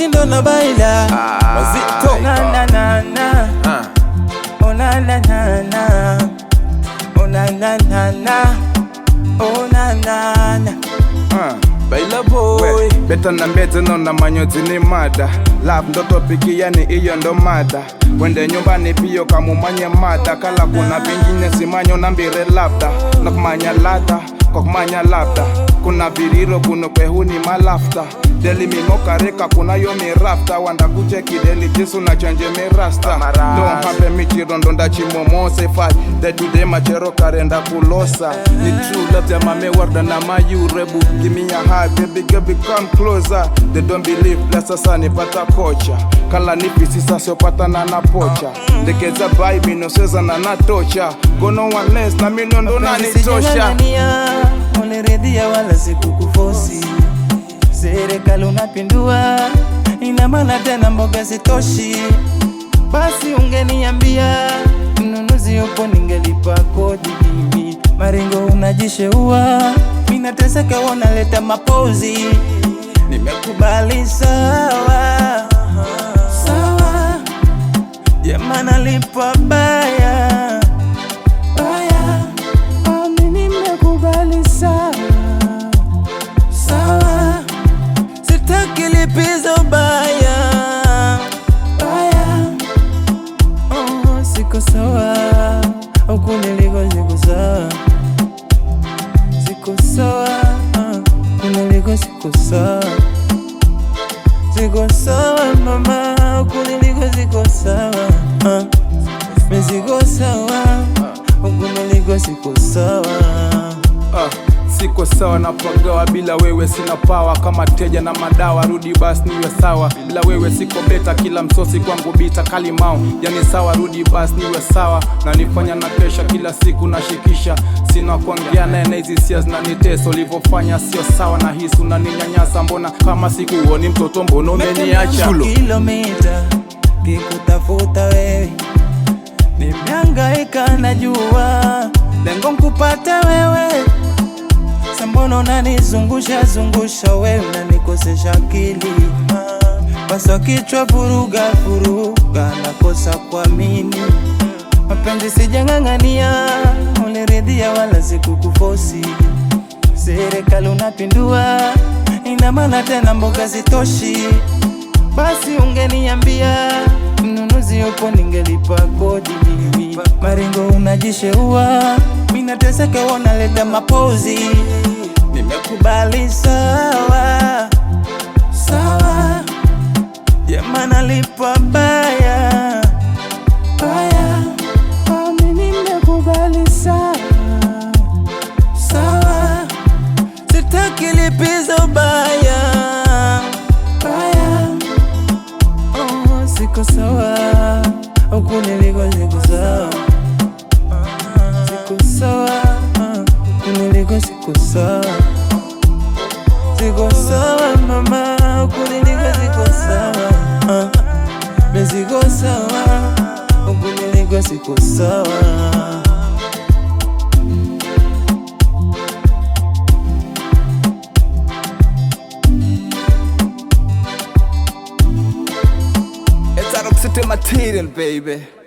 eti ndo na baila ah, na na na ah. oh na na na na oh na na na na oh na na na ah. Baila boy beta na mbete no na ni mada love ndo topiki yani iyo ndo mada Wende nyumbani pio kamumanye mada kala kuna vingine simanyo na mbire labda na kumanya lada kwa kumanya labda kuna viriro kuno kwehuni malafta deli minokareka kunayo mirafta wanda kucheki deli na chanje mirasta don hape michirondo ndachimomose fai dedude machero karenda kulosa warda na mayurebu gimiya hai baby girl become closer they don't believe lasasa nipata kocha kala nipisisasiopatana na pocha ndekeza bai minosezana na tocha gono wanes na minondo nanitosha wala serikali unapindua, ina maana tena mboga zitoshi. Basi ungeniambia mnunuzi yupo, ningelipa kodi mimi. Maringo unajisheua, minateseka wanaleta mapozi. Nimekubali sawa sawa, jamani, nalipa bye sawa mama, huku niliko ziko sawa uh, ah. meziko sawa huku niliko ziko sawa siko sawa, na pagawa bila wewe, sina pawa kama teja na madawa. Rudi basi niwe sawa, bila wewe siko beta, kila msosi kwangu bita kalimao, yani sawa. Rudi basi niwe sawa, na nifanya na kesha, kila siku nashikisha, sina kuongea naye na hizi hisia zinanitesa, ulivyofanya sio sawa, na hisi unaninyanyasa, mbona kama siku sikuoni mtoto, mbono umeniacha kikutafuta wewe nimehangaika, najua lengo nkupata wewe mbona unanizungusha zungusha, wewe unanikosesha akili, basa kichwa furuga furuga, nakosa kuamini mapenzi sijang'ang'ania, uliridhia wala sikukufosi. Serikali unapindua, ina maana tena mboga zitoshi. Basi ungeniambia mnunuzi upo, ningelipa kodi Maringo unajisheua, minateseka, wanaleta mapozi Nimekubali sawa sawa, jamaa nalipa baya baya, mimi nimekubali sawa sawa, sitaki lipizo baya baya, oh, siko sawa huku niliko siko sawa siko sawa huku niliko siko sawa mama, ukunilinga ah, ziko sawa, meziko sawa, ukunilinga ziko sawa It's out of material, baby